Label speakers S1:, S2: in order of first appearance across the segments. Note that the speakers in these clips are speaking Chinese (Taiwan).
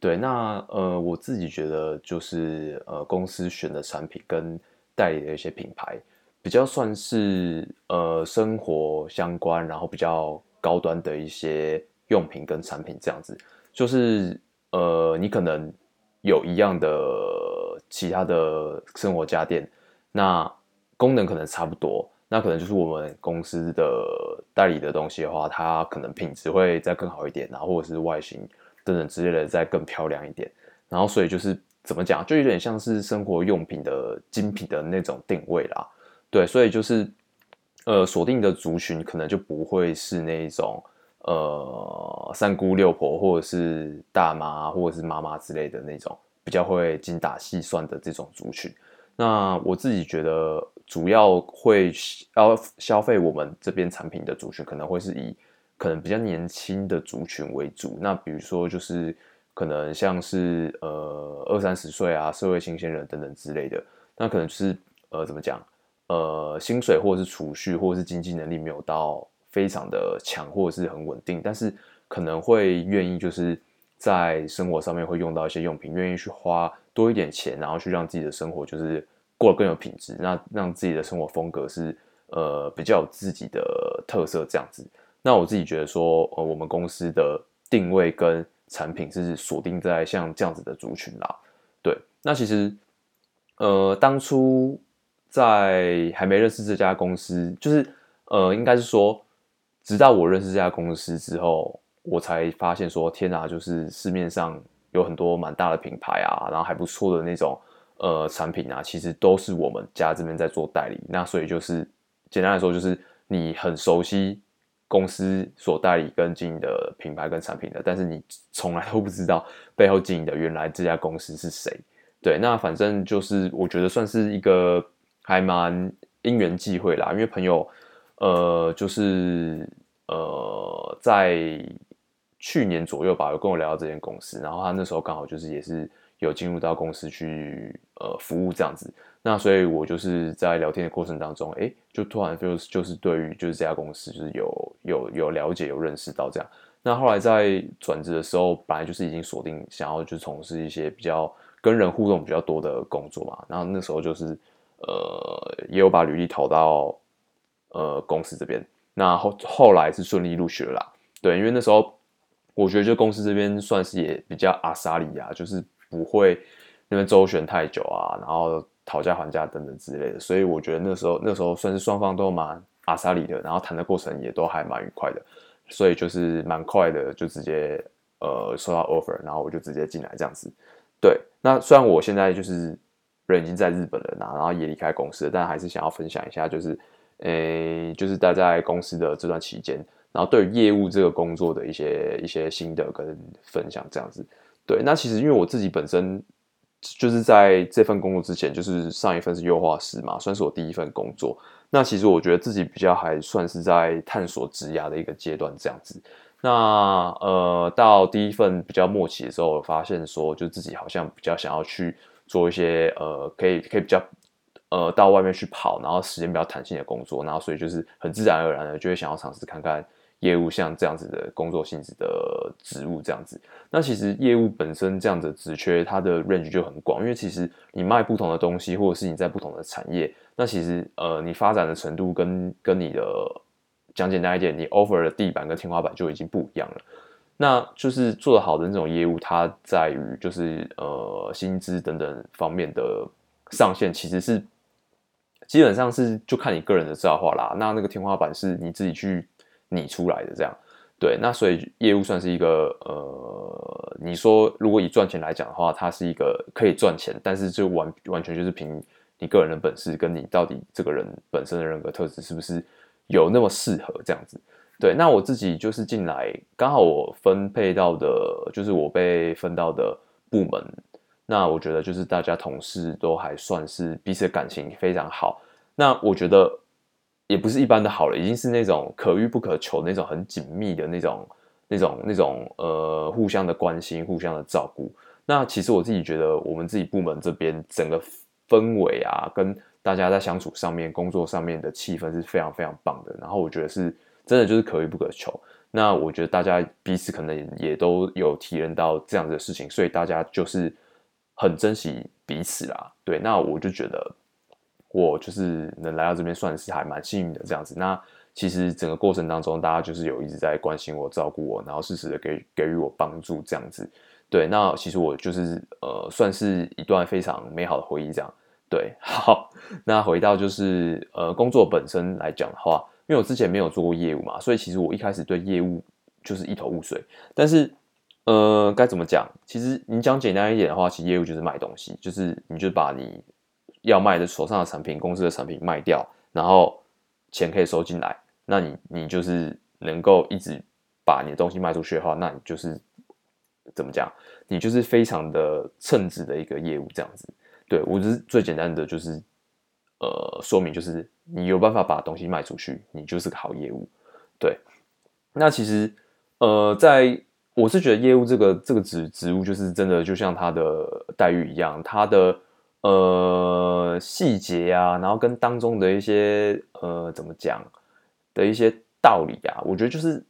S1: 對，那呃，我自己覺得就是呃，公司選的產品跟代理的一些品牌，比較算是呃生活相關，然後比較高端的一些用品跟產品這樣子。就是呃，你可能有一樣的其他的生活家電，那功能可能差不多，那可能就是我們公司的代理的東西的話，它可能品質會再更好一點，然後或者是外形。等等之類的，再更漂亮一點，然後所以就是怎麼講，就有點像是生活用品的精品的那種定位啦。對，所以就是呃，鎖定的族群可能就不會是那種呃三姑六婆或者是大媽或者是媽媽之類的那種比較會精打細算的這種族群。那我自己覺得，主要會消消費我們這邊產品的族群，可能會是以。可能比較年輕的族群為主，那比如說就是可能像是呃二三十歲啊，社會新鮮人等等之類的，那可能就是呃怎麼講呃薪水或者是儲蓄或者是經濟能力沒有到非常的強，或者是很穩定，但是可能會願意就是在生活上面會用到一些用品，願意去花多一點錢，然後去讓自己的生活就是過得更有品質，那讓自己的生活風格是呃比較有自己的特色這樣子。那我自己覺得說，呃，我們公司的定位跟產品是鎖定在像這樣子的族群啦。對，那其實，呃，當初在還沒認識這家公司，就是，呃，應該是說，直到我認識這家公司之後，我才發現說，天哪，就是市面上有很多蠻大的品牌啊，然後還不錯的那種，呃，產品啊，其實都是我們家這邊在做代理。那所以就是，簡單來說，就是你很熟悉，公司所代理跟經營的品牌跟產品的，但是你從來都不知道背後經營的原來這家公司是誰。對，那反正就是我覺得算是一個還蠻因緣際會啦，因為朋友，呃，就是，呃，在去年左右吧，有跟我聊到這間公司，然後他那時候剛好就是也是。有進入到公司去呃服務這樣子，那所以我就是在聊天的過程當中，誒、欸，就突然 feel、就是、就是對於就是這家公司就是有有有了解有認識到這樣，那後來在轉職的時候，本來就是已經鎖定想要就從事一些比較跟人互動比較多的工作嘛，然後那時候就是呃也有把履歷投到呃公司這邊，那後後來是順利入學了啦，對，因為那時候我覺得就公司這邊算是也比較阿薩里呀，就是。不會那邊周旋太久啊，然後討價還價等等之類的，所以我覺得那時候那時候算是雙方都蠻阿、啊、薩利的，然後談的過程也都還蠻愉快的，所以就是蠻快的，就直接呃收到 offer，然後我就直接進來這樣子。對，那雖然我現在就是人已經在日本了，然後也離開公司了，但還是想要分享一下，就是誒、呃，就是待在公司的這段期間，然後對於業務這個工作的一些一些心得跟分享這樣子。對，那其實因為我自己本身就是在這份工作之前，就是上一份是優化師嘛，算是我第一份工作。那其實我覺得自己比較還算是在探索職涯的一個階段這樣子。那呃，到第一份比較末期的時候，我發現說就自己好像比較想要去做一些呃，可以可以比較呃到外面去跑，然後時間比較彈性的工作，然後所以就是很自然而然的就會想要嘗試看看，業務像這樣子的工作性質的職務這樣子，那其實業務本身這樣子的職缺，它的 range 就很廣，因為其實你賣不同的東西，或者是你在不同的產業，那其實呃，你發展的程度跟跟你的講簡單一點，你 offer 的地板跟天花板就已經不一樣了。那就是做得好的那種業務，它在於就是呃薪資等等方面的上限，其實是基本上是就看你個人的造化啦。那那個天花板是你自己去。你出來的這樣，對，那所以業務算是一個呃，你說如果以賺錢來講的話，它是一個可以賺錢，但是就完完全就是憑你個人的本事，跟你到底這個人本身的人格特質是不是有那麼適合這樣子。對，那我自己就是進來，剛好我分配到的，就是我被分到的部門，那我覺得就是大家同事都還算是彼此的感情非常好，那我覺得。也不是一般的好了，已經是那種可遇不可求那種很緊密的那種、那種、那種呃，互相的關心、互相的照顧。那其實我自己覺得，我們自己部門這邊整個氛圍啊，跟大家在相處上面、工作上面的氣氛是非常非常棒的。然後我覺得是真的就是可遇不可求。那我覺得大家彼此可能也，也都有體驗到這樣子的事情，所以大家就是很珍惜彼此啦。對，那我就覺得。我就是能來到這邊，算是還蠻幸運的這樣子。那其實整個過程當中，大家就是有一直在關心我、照顧我，然後適時的給給予我幫助這樣子。對，那其實我就是呃，算是一段非常美好的回憶這樣。對，好，那回到就是呃，工作本身來講的話，因為我之前沒有做過業務嘛，所以其實我一開始對業務就是一頭霧水。但是，呃，該怎麼講？其實你講簡單一點的話，其實業務就是賣東西，就是你就把你。要賣的手上的產品，公司的產品賣掉，然後錢可以收進來，那你你就是能夠一直把你的東西賣出去的話，那你就是怎麼講？你就是非常的稱職的一個業務這樣子。對我，就是最簡單的，就是呃，說明就是你有辦法把東西賣出去，你就是好業務。對，那其實呃，在我是覺得業務這個這個職職務，就是真的就像它的待遇一樣，它的。呃，細節啊，然後跟當中的一些呃，怎麼講的一些道理啊，我覺得就是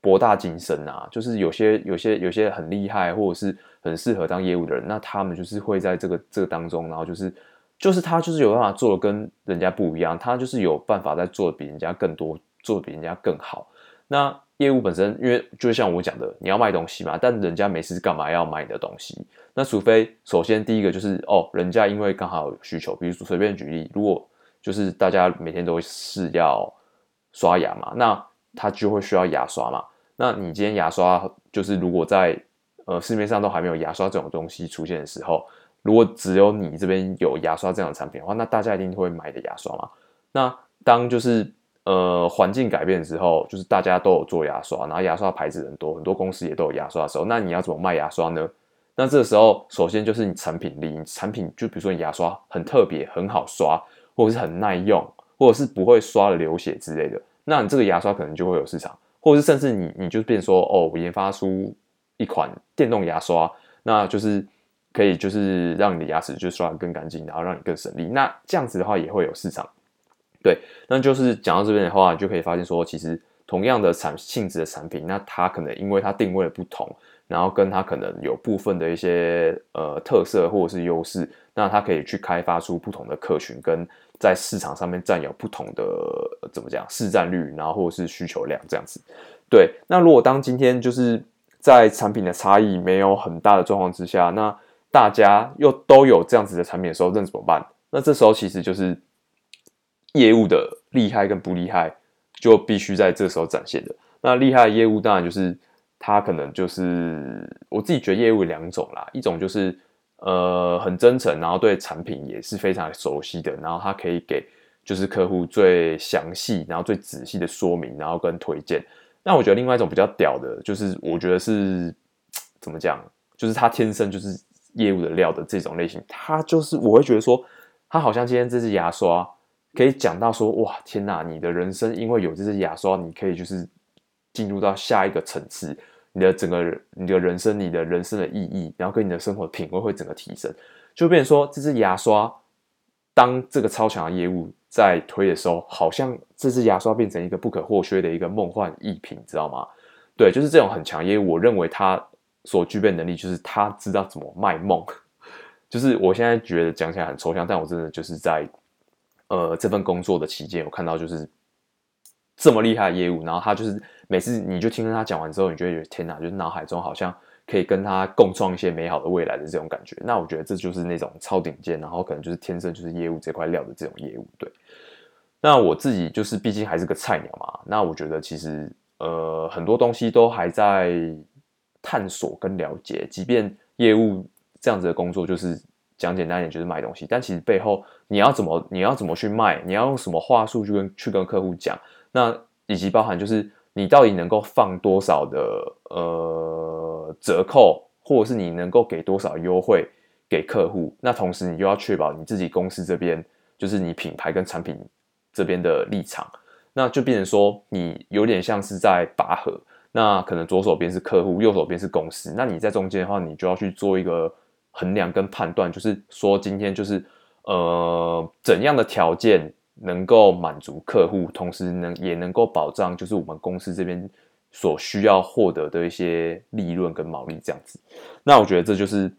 S1: 博大精深啊。就是有些有些有些很厲害，或者是很適合當業務的人，那他們就是會在這個這個當中，然後就是就是他就是有辦法做的跟人家不一樣，他就是有辦法在做的比人家更多，做的比人家更好。那業務本身，因為就像我講的，你要賣東西嘛，但人家沒事幹嘛要買你的東西？那除非，首先第一個就是，哦，人家因為剛好有需求，比如說隨便舉例，如果就是大家每天都是要刷牙嘛，那他就會需要牙刷嘛。那你今天牙刷就是如果在呃市面上都還沒有牙刷這種東西出現的時候，如果只有你這邊有牙刷這樣的產品的話，那大家一定會買的牙刷嘛。那當就是。呃，環境改變之後，就是大家都有做牙刷，然後牙刷牌子很多，很多公司也都有牙刷的時候，那你要怎麼賣牙刷呢？那這個時候，首先就是你產品力，你產品就比如說你牙刷很特別，很好刷，或者是很耐用，或者是不會刷流血之類的。那你這個牙刷可能就會有市場，或者是甚至你你就變說，哦，我研發出一款電動牙刷，那就是可以就是讓你的牙齒就刷得更乾淨，然後讓你更省力。那這樣子的話也會有市場。對，那就是講到這邊的話，你就可以發現說，其實同樣的產性質的產品，那它可能因為它定位的不同，然後跟它可能有部分的一些呃特色或者是優勢，那它可以去開發出不同的客群，跟在市場上面占有不同的、呃、怎麼講市占率，然後或者是需求量這樣子。對，那如果當今天就是在產品的差異沒有很大的狀況之下，那大家又都有這樣子的產品的時候，那怎麼辦？那這時候其實就是。業務的厲害跟不厲害，就必須在這時候展現的。那厲害的業務當然就是他可能就是，我自己覺得業務有兩種啦，一種就是呃很真誠，然後對產品也是非常熟悉的，然後他可以給就是客戶最詳細、然後最仔細的說明，然後跟推薦。那我覺得另外一種比較屌的，就是我覺得是怎麼講，就是他天生就是業務的料的這種類型。他就是，我會覺得說，他好像今天這支牙刷，可以講到說，哇，天哪！你的人生因為有這支牙刷，你可以就是進入到下一個層次。你的整個你的人生，你的人生的意義，然後跟你的生活的品味會整個提升。就變成說，這支牙刷，當這個超強的業務在推的時候，好像這支牙刷變成一個不可或缺的一個夢幻逸品，知道嗎？對，就是這種很強的業務。因為我認為它所具備能力，就是它知道怎麼賣夢。就是我現在覺得講起來很抽象，但我真的就是在。呃，這份工作的期間，我看到就是這麼厲害的業務，然後他就是每次你就聽他講完之後，你就會覺得天哪，就是腦海中好像可以跟他共創一些美好的未來的這種感覺。那我覺得這就是那種超頂尖，然後可能就是天生就是業務這塊料的這種業務。對，那我自己就是畢竟還是個菜鳥嘛，那我覺得其實呃，很多東西都還在探索跟了解，即便業務這樣子的工作就是。講簡單一點就是賣東西，但其實背後你要怎麼你要怎麼去賣，你要用什麼話術去跟去跟客戶講，那以及包含就是你到底能夠放多少的呃折扣，或者是你能夠給多少優惠給客戶，那同時你又要確保你自己公司這邊就是你品牌跟產品這邊的立場，那就變成說你有點像是在拔河，那可能左手邊是客戶，右手邊是公司，那你在中間的話，你就要去做一個。衡量跟判斷，就是說今天就是呃怎樣的條件能夠滿足客戶，同時能也能夠保障，就是我們公司這邊所需要獲得的一些利潤跟毛利這樣子。那我覺得這就是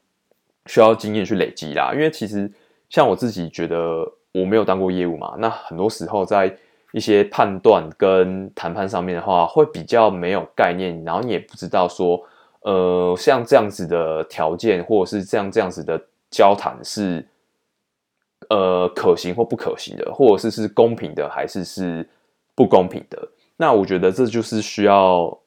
S1: 需要經驗去累積啦。因為其實像我自己覺得我沒有當過業務嘛，那很多時候在一些判斷跟談判上面的話，會比較沒有概念，然後你也不知道說。呃，像這樣子的條件，或者是這樣這樣子的交談，是呃可行或不可行的，或者是是公平的，還是是不公平的？那我覺得這就是需要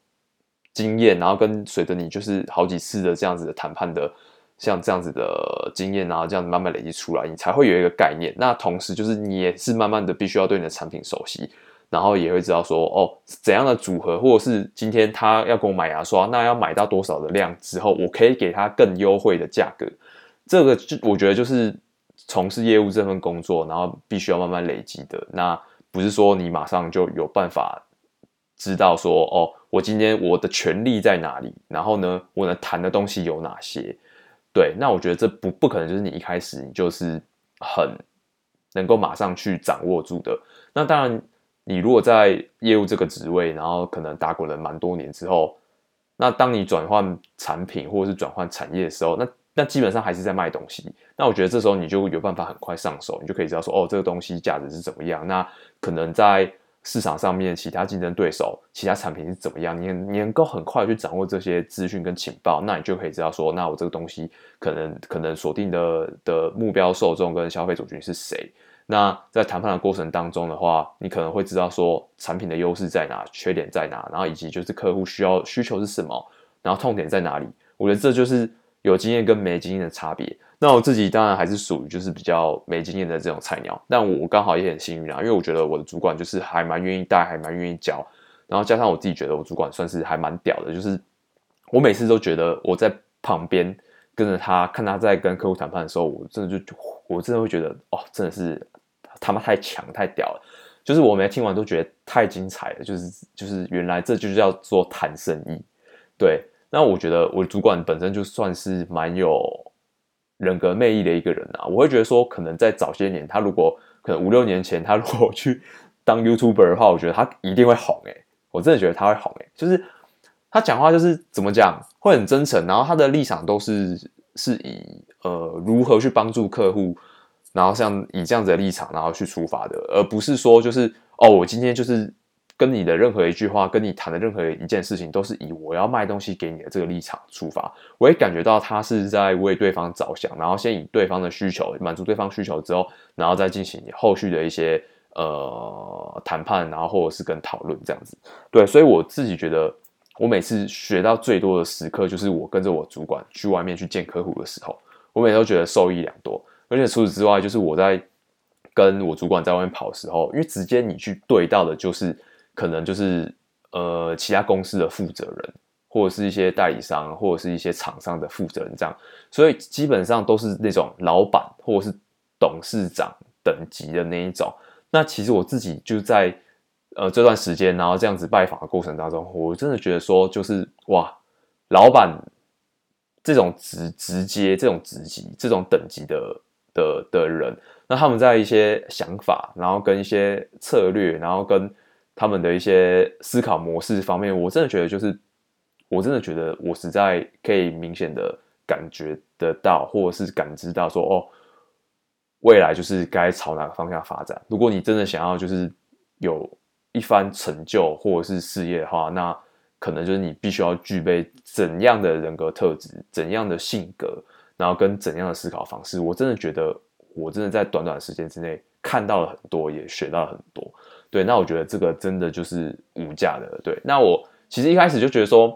S1: 經驗，然後跟隨着你就是好幾次的這樣子的談判的，像這樣子的經驗，然後這樣子慢慢累積出來，你才會有一個概念。那同時就是你也是慢慢的必須要對你的產品熟悉。然後也會知道說哦，怎樣的組合，或者是今天他要給我買牙刷，那要買到多少的量之後，我可以給他更優惠的價格。這個就我覺得就是從事業務這份工作，然後必須要慢慢累積的。那不是說你馬上就有辦法知道說哦，我今天我的權利在哪裡，然後呢，我能談的東西有哪些？對，那我覺得這不不可能，就是你一開始你就是很能夠馬上去掌握住的。那當然。你如果在業務這個職位，然後可能打滾了蠻多年之後，那當你轉換產品或者是轉換產業的時候，那那基本上還是在賣東西。那我覺得這時候你就有辦法很快上手，你就可以知道說，哦，這個東西價值是怎麼樣。那可能在市場上面其他競爭對手、其他產品是怎麼樣，你你能夠很快去掌握這些資訊跟情報，那你就可以知道說，那我這個東西可能可能鎖定的的目標受眾跟消費族群是誰。那在談判的過程當中的話，你可能會知道說產品的優勢在哪，缺點在哪，然後以及就是客戶需要需求是什麼，然後痛點在哪裡。我覺得這就是有經驗跟沒經驗的差別。那我自己當然還是屬於就是比較沒經驗的這種菜鳥，但我剛好也很幸運啊，因為我覺得我的主管就是還蠻願意帶，還蠻願意教，然後加上我自己覺得我主管算是還蠻屌的，就是我每次都覺得我在旁邊。跟着他看他在跟客戶談判的時候，我真的就，我真的會覺得，哦，真的是他媽太強太屌了，就是我每天聽完都覺得太精彩了，就是就是原來這就叫做談生意，對，那我覺得我主管本身就算是蠻有人格魅力的一個人啊，我會覺得說，可能在早些年，他如果可能五六年前，他如果去當 YouTuber 的話，我覺得他一定會紅哎，我真的覺得他會紅哎，就是。他講話就是怎麼講會很真誠，然後他的立場都是是以呃如何去幫助客戶，然後像以這樣子的立場然後去出發的，而不是說就是哦，我今天就是跟你的任何一句話，跟你談的任何一件事情，都是以我要賣東西給你的這個立場出發。我也感覺到他是在為對方着想，然後先以對方的需求滿足對方需求之後，然後再進行你後續的一些呃談判，然後或者是跟討論這樣子。對，所以我自己覺得。我每次學到最多的時刻，就是我跟着我主管去外面去見客戶的時候，我每次都覺得受益良多。而且除此之外，就是我在跟我主管在外面跑的時候，因為直接你去對到的，就是可能就是呃其他公司的負責人，或者是一些代理商，或者是一些廠商的負責人這樣，所以基本上都是那種老闆或者是董事長等級的那一種。那其實我自己就在。呃，這段時間，然後這樣子拜訪的過程當中，我真的覺得說，就是哇，老闆這種直直接、這種職級、這種等級的的的人，那他們在一些想法，然後跟一些策略，然後跟他們的一些思考模式方面，我真的覺得，就是我真的覺得，我實在可以明顯的感覺得到，或者是感知到說哦，未來就是該朝哪個方向發展。如果你真的想要，就是有一番成就或者是事業的話，那可能就是你必須要具備怎樣的人格特質、怎樣的性格，然後跟怎樣的思考方式。我真的覺得，我真的在短短的時間之內看到了很多，也學到了很多。對，那我覺得這個真的就是無價的。對，那我其實一開始就覺得說，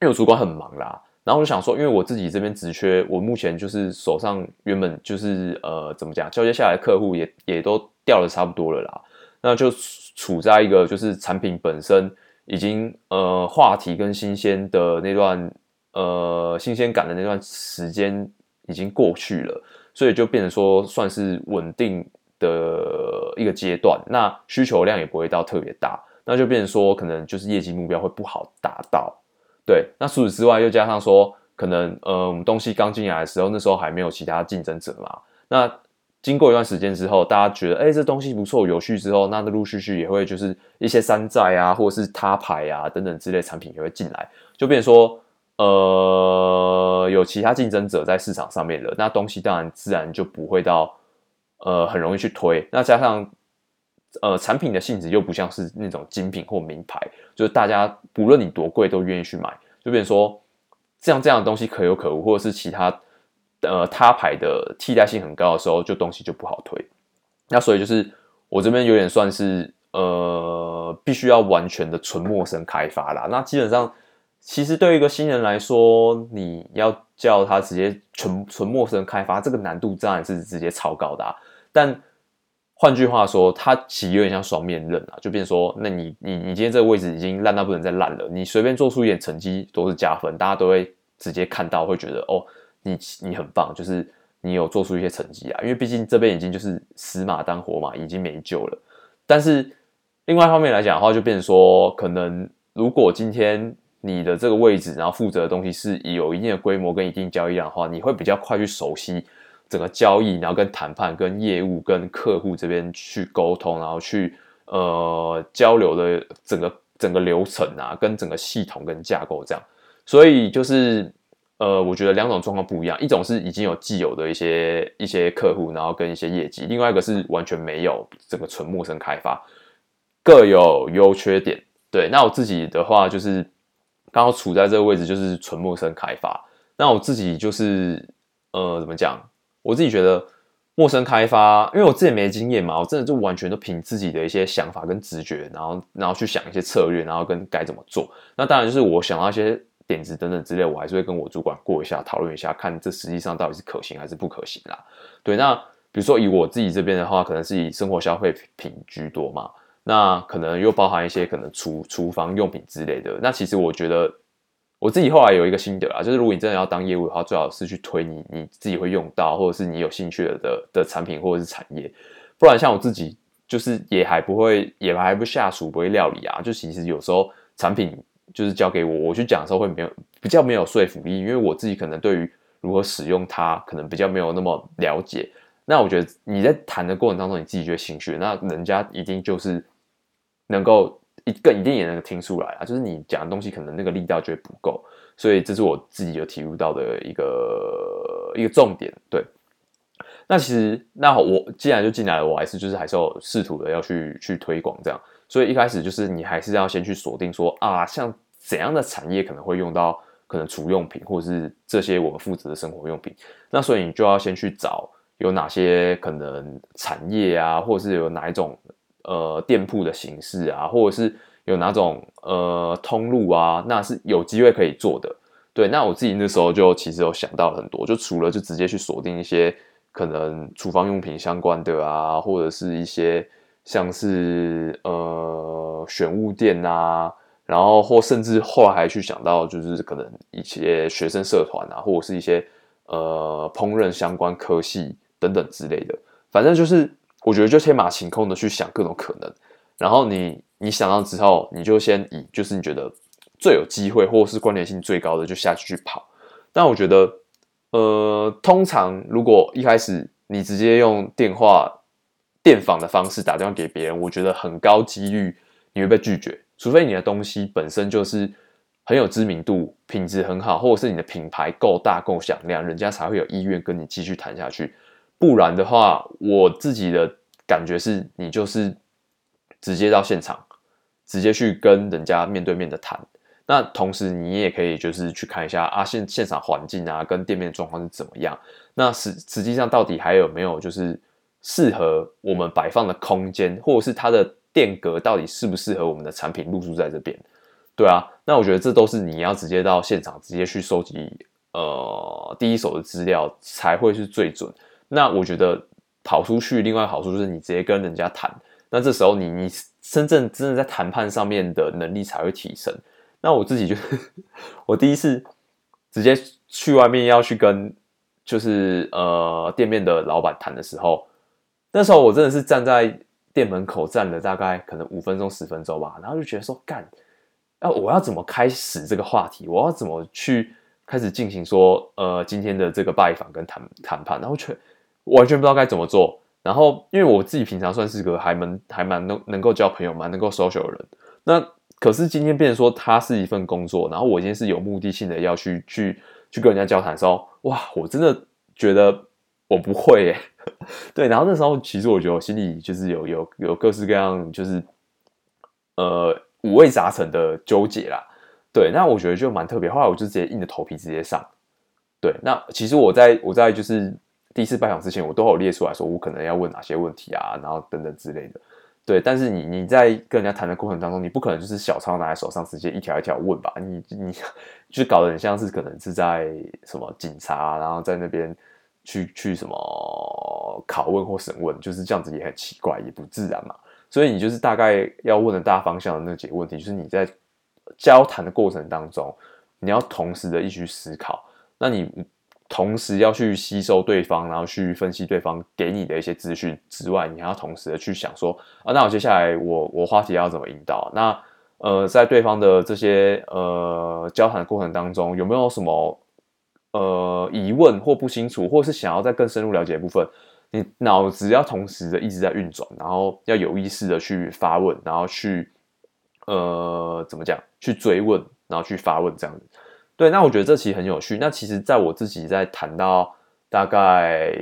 S1: 因為我主管很忙啦，然後我就想說，因為我自己這邊只缺，我目前就是手上原本就是呃，怎麼講，交接下來的客戶也也都掉的差不多了啦。那就處在一個就是產品本身已經呃話題跟新鮮的那段呃新鮮感的那段時間已經過去了，所以就變成說算是穩定的一個階段。那需求量也不會到特別大，那就變成說可能就是業績目標會不好達到。對，那除此之外又加上說可能呃我們東西剛進來的時候，那時候還沒有其他競爭者嘛，那，經過一段時間之後，大家覺得，誒這東西不錯，有趣之後，那陸陸續續也會就是一些山寨啊，或者是他牌啊等等之類的產品也會進來，就變成說，呃，有其他競爭者在市場上面了，那東西當然自然就不會到，呃，很容易去推。那加上，呃，產品的性質又不像是那種精品或名牌，就是大家不論你多貴都願意去買，就變成說這樣這樣的東西可有可無，或者是其他，呃，他牌的替代性很高的時候，就東西就不好推。那所以就是我這邊有點算是呃，必須要完全的純陌生開發啦。那基本上，其實對於一個新人來說，你要叫他直接純純陌生開發，這個難度當然是直接超高的啊。但換句話說，它其實有點像雙面刃啊，就變成說，那你你你今天這個位置已經爛到不能再爛了，你隨便做出一點成績都是加分，大家都會直接看到，會覺得哦。你你很棒，就是你有做出一些成績啊，因為畢竟這邊已經就是死馬當活馬，已經沒救了。但是另外一方面來講的話，就變成說，可能如果今天你的這個位置，然後負責的東西是有一定的規模跟一定交易量的話，你會比較快去熟悉整個交易，然後跟談判、跟業務、跟客戶這邊去溝通，然後去呃交流的整個整個流程啊，跟整個系統跟架構這樣。所以就是。呃，我覺得兩種狀況不一樣，一種是已經有既有的一些一些客戶，然後跟一些業績，另外一個是完全沒有這個純陌生開發，各有優缺點。對，那我自己的話就是剛好處在這個位置，就是純陌生開發。那我自己就是呃，怎麼講？我自己覺得陌生開發，因為我自己沒經驗嘛，我真的就完全都憑自己的一些想法跟直覺，然後然後去想一些策略，然後跟該怎麼做。那當然就是我想到一些。點子等等之類，我還是會跟我主管過一下，討論一下，看這實際上到底是可行還是不可行啦。對，那比如說以我自己這邊的話，可能是以生活消費品居多嘛，那可能又包含一些可能廚廚房用品之類的。那其實我覺得我自己後來有一個心得啊，就是如果你真的要當業務的話，最好是去推你你自己會用到或者是你有興趣的的，的產品或者是產業，不然像我自己就是也還不會，也還不下廚不會料理啊，就其實有時候產品。就是交給我，我去講的時候會沒有比較沒有說服力，因為我自己可能對於如何使用它，可能比較沒有那麼了解。那我覺得你在談的過程當中，你自己覺得興趣，那人家一定就是能夠一個一定也能聽出來啊，就是你講的東西可能那個力道就會不夠，所以這是我自己有體悟到的一個一個重點。對，那其實那我既然就進來了，我還是就是還是要試圖的要去去推廣這樣。所以一開始就是你還是要先去鎖定說啊，像怎樣的產業可能會用到可能廚用品，或者是這些我們負責的生活用品。那所以你就要先去找有哪些可能產業啊，或者是有哪一種呃店鋪的形式啊，或者是有哪種呃通路啊，那是有機會可以做的。對，那我自己那時候就其實有想到了很多，就除了就直接去鎖定一些可能廚房用品相關的啊，或者是一些。像是呃選物店啊，然後或甚至後來還去想到，就是可能一些學生社團啊，或者是一些呃烹飪相關科系等等之類的。反正就是我覺得就天馬行空的去想各種可能，然後你你想到之後，你就先以就是你覺得最有機會或是關聯性最高的就下去去跑。但我覺得呃，通常如果一開始你直接用電話。電訪的方式打電話給別人，我覺得很高幾率你會被拒絕，除非你的東西本身就是很有知名度、品質很好，或者是你的品牌夠大夠響亮，人家才會有意願跟你繼續談下去。不然的話，我自己的感覺是，你就是直接到現場，直接去跟人家面對面的談。那同時你也可以就是去看一下啊，現現場環境啊，跟店面的狀況是怎麼樣。那實實際上到底還有沒有就是。適合我們擺放的空間，或者是它的店格到底適不適合我們的產品入駐在這邊，對啊，那我覺得這都是你要直接到現場直接去收集呃第一手的資料才會是最準。那我覺得跑出去，另外好處就是你直接跟人家談，那這時候你你真正真的在談判上面的能力才會提升。那我自己就是我第一次直接去外面要去跟就是呃店面的老闆談的時候。那時候我真的是站在店門口站了大概可能五分鐘十分鐘吧，然後就覺得說幹，啊我要怎麼開始這個話題？我要怎麼去開始進行說呃今天的這個拜訪跟談談判？然後卻完全不知道該怎麼做。然後因為我自己平常算是個還蠻還蠻能能夠交朋友、蠻能夠 social 的人，那可是今天變成說他是一份工作，然後我今天是有目的性的要去去去跟人家交談的時候，哇，我真的覺得我不會耶。 對，然後那時候其實我覺得我心裡就是有有有各式各樣，就是呃五味雜陳的糾結啦。對，那我覺得就蠻特別。後來我就直接硬着頭皮直接上。對，那其實我在我在就是第一次拜訪之前，我都有列出來說我可能要問哪些問題啊，然後等等之類的。對，但是你你在跟人家談的過程當中，你不可能就是小抄拿在手上，直接一條一條問吧？你你就搞得很像是可能是在什麼警察啊，然後在那邊。去去什麼拷問或審問，就是這樣子也很奇怪，也不自然嘛。所以你就是大概要問的大方向的那幾個問題，就是你在交談的過程當中，你要同時的一起去思考。那你同時要去吸收對方，然後去分析對方給你的一些資訊之外，你還要同時的去想說啊，那我接下來我我話題要怎麼引導？那呃，在對方的這些呃交談的過程當中，有沒有什麼？呃，疑問或不清楚，或是想要再更深入了解的部分，你腦子要同時的一直在運轉，然後要有意識的去發問，然後去呃怎麼講，去追問，然後去發問這樣子。對，那我覺得這其實很有趣。那其實，在我自己在談到大概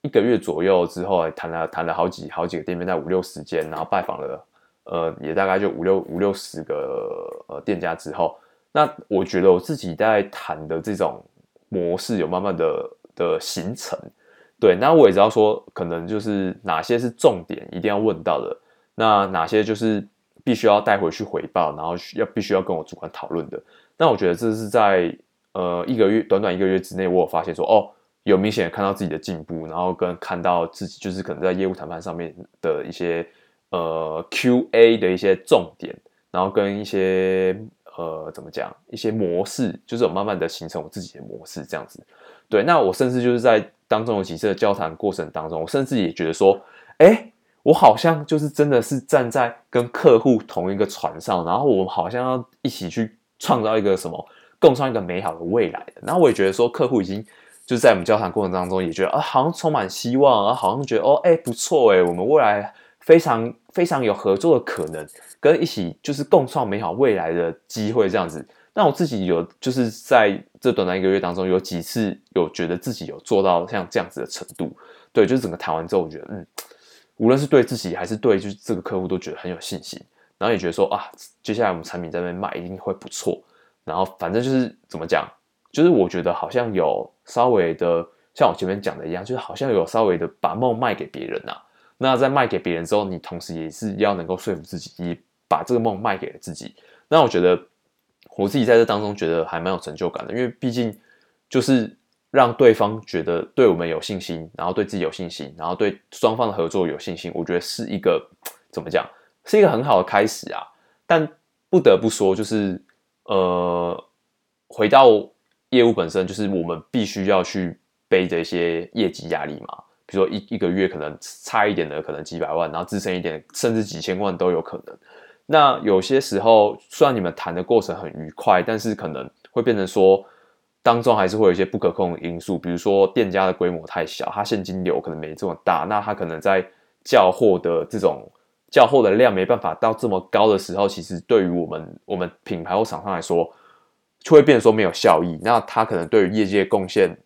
S1: 一個月左右之後，談了談了好幾好幾個店面，在五六十間，然後拜訪了呃，也大概就五六五六十個呃店家之後，那我覺得我自己在談的這種，模式有慢慢的的形成，對，那我也知道說，可能就是哪些是重點，一定要問到的，那哪些就是必須要帶回去回報，然後需要必須要跟我主管討論的。那我覺得這是在呃一個月短短一個月之內，我有發現說，哦，有明顯看到自己的進步，然後跟看到自己就是可能在業務談判上面的一些呃 QA 的一些重點，然後跟一些。呃，怎麼講？一些模式就是我慢慢的形成我自己的模式，這樣子。對，那我甚至就是在當中有幾次的交談過程當中，我甚至也覺得說，誒，我好像就是真的是站在跟客戶同一個船上，然後我們好像要一起去創造一個什麼，共創一個美好的未來的。然後我也覺得說，客戶已經就在我們交談過程當中也覺得，啊，好像充滿希望，啊，好像覺得，哦，誒，不錯，誒，我們未來。非常非常有合作的可能，跟一起就是共創美好未來的機會這樣子。那我自己有就是在這短短一個月當中，有幾次有覺得自己有做到像這樣子的程度。對，就是整個談完之後，我覺得嗯，無論是對自己還是對就是這個客戶都覺得很有信心。然後也覺得說啊，接下來我們產品在那邊賣一定會不錯。然後反正就是怎麼講，就是我覺得好像有稍微的像我前面講的一樣，就是好像有稍微的把夢賣給別人吶、啊。那在賣給別人之後，你同時也是要能夠說服自己，也把這個夢賣給了自己。那我覺得我自己在這當中覺得還蠻有成就感的，因為畢竟就是讓對方覺得對我們有信心，然後對自己有信心，然後對雙方的合作有信心。我覺得是一個怎麼講，是一個很好的開始啊。但不得不說，就是呃，回到業務本身，就是我們必須要去背着一些業績壓力嘛。比如說一一個月可能差一點的可能幾百萬，然後資深一點的甚至幾千萬都有可能。那有些時候雖然你們談的過程很愉快，但是可能會變成說當中還是會有一些不可控的因素，比如說店家的規模太小，他現金流可能沒這麼大，那他可能在叫貨的這種叫貨的量沒辦法到這麼高的時候，其實對於我們我們品牌或廠商來說，就會變成說沒有效益。那他可能對於業界貢獻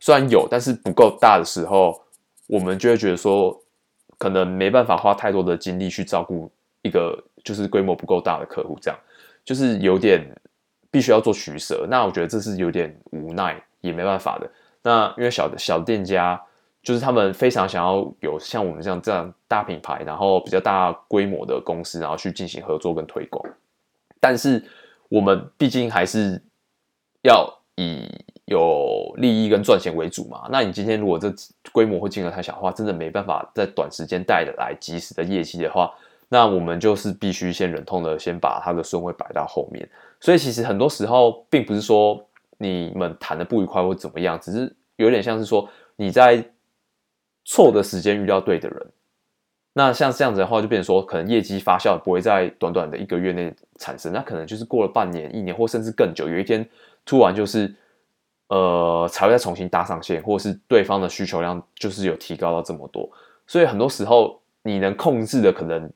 S1: 雖然有，但是不夠大的時候。我們就會覺得說，可能沒辦法花太多的精力去照顧一個就是規模不夠大的客戶，這樣就是有點必須要做取捨。那我覺得這是有點無奈，也沒辦法的。那因為小的小店家，就是他們非常想要有像我們這樣這樣大品牌，然後比較大規模的公司，然後去進行合作跟推廣。但是我們畢竟還是要以。有利益跟賺錢為主嘛。那你今天如果這規模會金額太小的話，真的沒辦法在短時間帶得來及時的業績的話，那我們就是必須先忍痛的先把它的順位擺到後面。所以其實很多時候並不是說你們談的不愉快或怎麼樣，只是有點像是說你在錯的時間遇到對的人。那像這樣子的話，就變成說可能業績發酵不會在短短的一個月內產生，那可能就是過了半年、一年或甚至更久，有一天突然就是。呃，才會再重新搭上線，或者是對方的需求量就是有提高到這麼多，所以很多時候你能控制的可能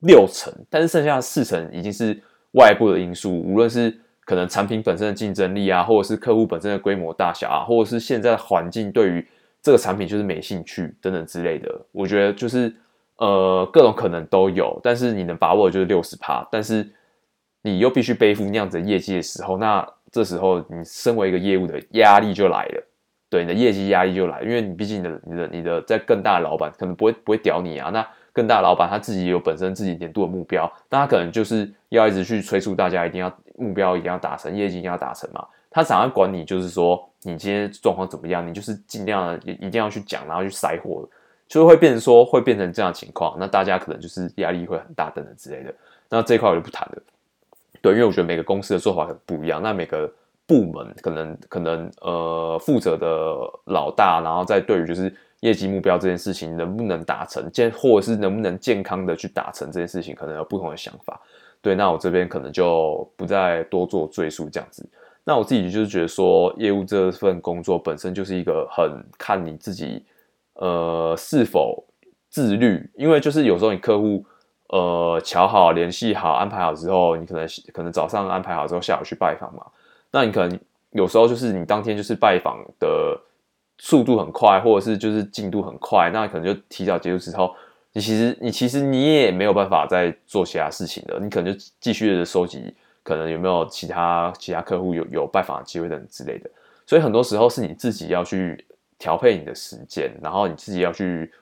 S1: 六成，但是剩下的四成已經是外部的因素，無論是可能產品本身的競爭力啊，或者是客戶本身的規模大小啊，或者是現在的環境對於這個產品就是沒興趣等等之類的，我覺得就是呃各種可能都有，但是你能把握的就是六十趴，但是你又必須背負那樣子的業績的時候，那。這時候，你身為一個業務的壓力就來了，對你的業績壓力就來，因為你畢竟你的、你的、你的在更大的老板可能不會不會屌你啊，那更大的老板他自己有本身自己年度的目標，那他可能就是要一直去催促大家一定要目標一定要達成，業績一定要達成嘛，他想要管你就是說你今天狀況怎麼樣，你就是盡量一定要去講，然後去塞貨就會變成說會變成這樣的情況，那大家可能就是壓力會很大等等之類的，那這一塊我就不談了。對，因為我覺得每個公司的做法很不一樣，那每個部門可能可能呃負責的老大，然後在對於就是業績目標這件事情能不能達成健，或者是能不能健康的去達成這件事情，可能有不同的想法。對，那我這邊可能就不再多做贅述，這樣子。那我自己就是覺得說，業務這份工作本身就是一個很看你自己呃是否自律，因為就是有時候你客戶。呃，敲好、聯繫好、安排好之後，你可能可能早上安排好之後，下午去拜訪嘛。那你可能有時候就是你當天就是拜訪的速度很快，或者是就是進度很快，那可能就提早結束之後，你其實你其實你也沒有辦法再做其他事情的，你可能就繼續的收集，可能有沒有其他其他客戶有有拜訪的機會等之類的。所以很多時候是你自己要去調配你的時間，然後你自己要去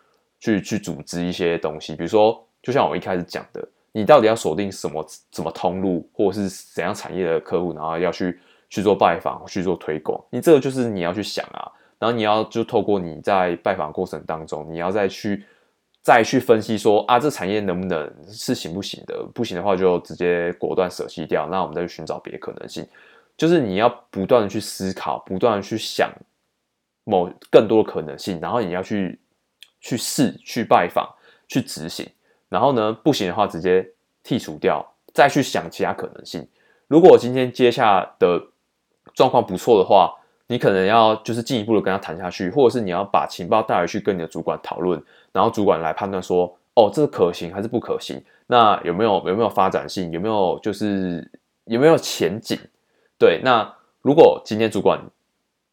S1: 去去組織一些東西，比如說。就像我一開始講的，你到底要鎖定什麼什麼通路，或者是怎樣產業的客戶，然後要去去做拜訪，去做推廣，你這個就是你要去想啊，然後你要就透過你在拜訪過程當中，你要再去再去分析說啊，這產業能不能是行不行的，不行的話就直接果斷捨棄掉，那我們再去尋找別的可能性。就是你要不斷的去思考，不斷的去想某更多的可能性，然後你要去去試、去拜訪、去執行。然後呢，不行的話，直接剔除掉，再去想其他可能性。如果今天接下的狀況不錯的話，你可能要就是進一步的跟他談下去，或者是你要把情報帶回去跟你的主管討論，然後主管來判斷說，哦，這是可行還是不可行？那有沒有有沒有發展性？有沒有就是有沒有前景？對，那如果今天主管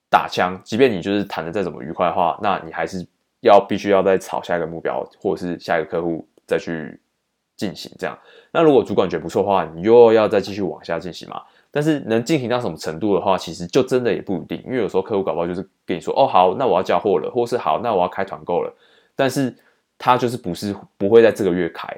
S1: 打槍，即便你就是談的再怎麼愉快的話，那你還是要必須要再找下一個目標，或者是下一個客戶。再去進行這樣，那如果主管覺得不錯的話，你又要再繼續往下進行嘛？但是能進行到什麼程度的話，其實就真的也不一定，因為有時候客戶搞不好就是跟你說，哦好，那我要交貨了，或是好，那我要開團購了，但是他就是不是不會在這個月開，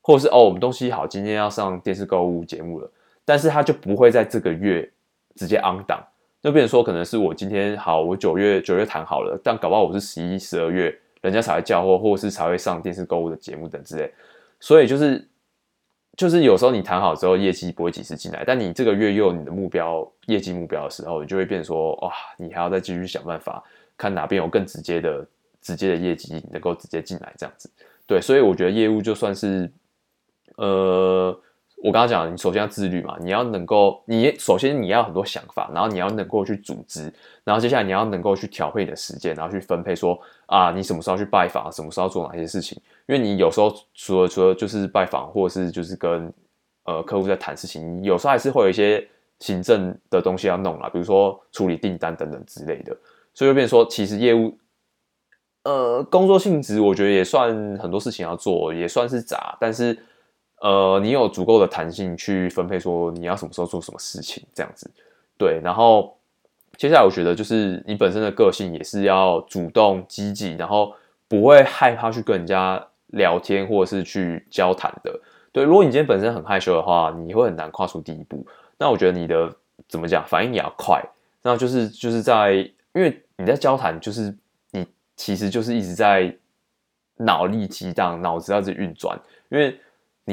S1: 或者是哦，我們東西好，今天要上電視購物節目了，但是他就不會在這個月直接 on 檔，就變成說可能是我今天好，我九月九月談好了，但搞不好我是十一十二月。人家才會叫貨，或是才會上電視購物的節目等之類，所以就是就是有時候你談好之後業績不會及時進來，但你這個月又有你的目標業績目標的時候，你就會變說哇，你還要再繼續想辦法，看哪邊有更直接的、直接的業績能夠直接進來這樣子。對，所以我覺得業務就算是呃。我剛剛講，你首先要自律嘛，你要能夠，你首先你要很多想法，然後你要能夠去組織，然後接下來你要能夠去調配你的時間，然後去分配說啊，你什麼時候去拜訪，什麼時候做哪些事情。因為你有時候除了除了就是拜訪，或者是就是跟呃客戶在談事情，你有時候還是會有一些行政的東西要弄啦，比如說處理訂單等等之類的，所以就變說，其實業務呃工作性質，我覺得也算很多事情要做，也算是雜，但是。呃，你有足夠的彈性去分配，說你要什麼時候做什麼事情，這樣子，對。然後接下來，我覺得就是你本身的個性也是要主動積極，然後不會害怕去跟人家聊天或者是去交談的。對，如果你今天本身很害羞的話，你會很難跨出第一步。那我覺得你的怎麼講，反應也要快。那就是就是在因為你在交談，就是你其實就是一直在腦力激盪，腦子在運轉，因為。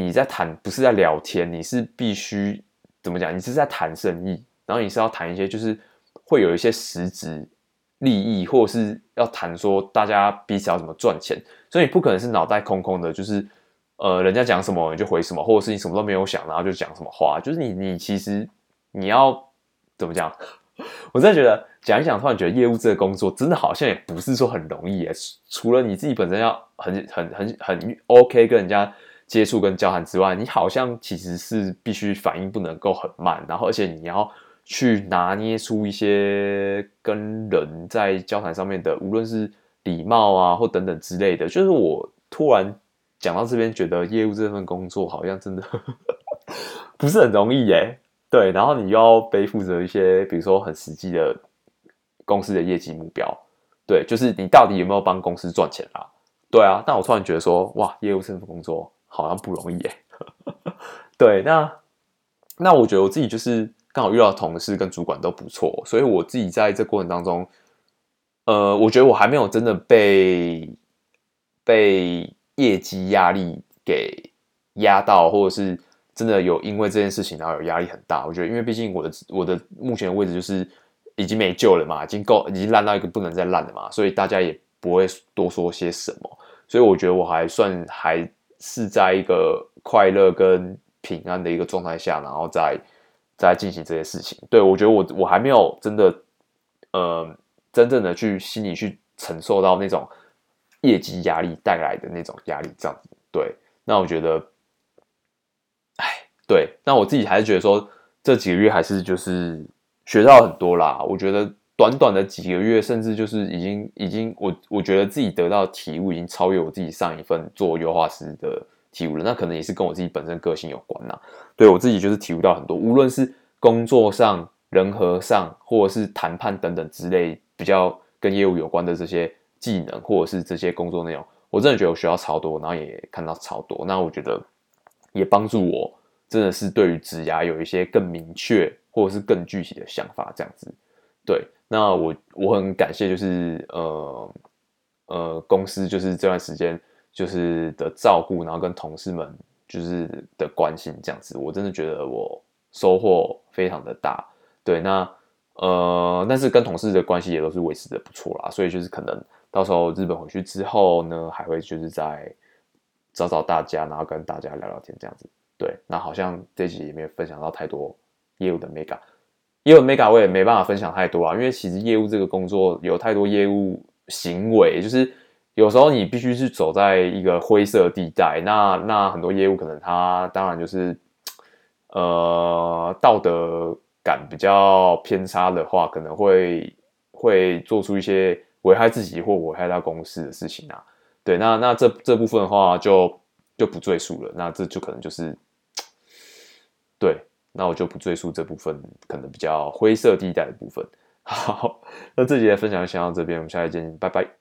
S1: 你在談不是在聊天，你是必須怎麼講？你是在談生意，然後你是要談一些就是會有一些實質利益，或者是要談說大家彼此要怎麼賺錢，所以你不可能是腦袋空空的，就是呃，人家講什麼你就回什麼，或者是你什麼都沒有想，然後就講什麼話，就是你你其實你要怎麼講？我真的覺得講一講，突然覺得業務這個工作真的好像也不是說很容易耶，除了你自己本身要很很很很 OK 跟人家。接觸跟交談之外，你好像其實是必須反應不能夠很慢，然後而且你要去拿捏出一些跟人在交談上面的，無論是禮貌啊或等等之類的。就是我突然講到這邊，覺得業務這份工作好像真的 不是很容易耶。對，然後你又要背負着一些，比如說很實際的公司的業績目標，對，就是你到底有沒有幫公司賺錢啊？對啊，但我突然覺得說，哇，業務這份工作。好像不容易誒， 對，那那我覺得我自己就是剛好遇到同事跟主管都不錯，所以我自己在這過程當中，呃，我覺得我還沒有真的被被業績壓力給壓到，或者是真的有因為這件事情然後有壓力很大。我覺得，因為畢竟我的我的目前的位置就是已經沒救了嘛，已經夠已經爛到一個不能再爛了嘛，所以大家也不會多說些什麼。所以我覺得我還算還。是在一個快樂跟平安的一個狀態下，然後再再進行這些事情。對我覺得我我還沒有真的，嗯、呃，真正的去心裡去承受到那種業績壓力帶來的那種壓力，這樣對。那我覺得，哎，對。那我自己還是覺得說，這幾個月還是就是學到很多啦。我覺得。短短的幾個月，甚至就是已經已經，我我覺得自己得到的體悟，已經超越我自己上一份做優化師的體悟了。那可能也是跟我自己本身個性有關啦、啊。對我自己就是體悟到很多，無論是工作上、人和上，或者是談判等等之類比較跟業務有關的這些技能，或者是這些工作內容，我真的覺得我學到超多，然後也看到超多。那我覺得也幫助我，真的是對於職涯有一些更明確或者是更具體的想法，這樣子，對。那我我很感謝，就是呃呃公司就是這段時間就是的照顧，然後跟同事們就是的關係這樣子，我真的覺得我收穫非常的大。對，那呃但是跟同事的關係也都是維持的不錯啦，所以就是可能到時候日本回去之後呢，還會就是再找找大家，然後跟大家聊聊天這樣子。對，那好像這集也沒有分享到太多業務的美感。因為 Mega，我也沒辦法分享太多啊，因為其實業務這個工作有太多業務行為，就是有時候你必須是走在一個灰色地帶。那那很多業務可能它當然就是，呃，道德感比較偏差的話，可能會會做出一些危害自己或危害到公司的事情啊。對，那那這這部分的話就就不贅述了。那這就可能就是，對。那我就不贅述這部分可能比較灰色地帶的部分。好，那這節的分享就先到這邊，我們下期見，拜拜。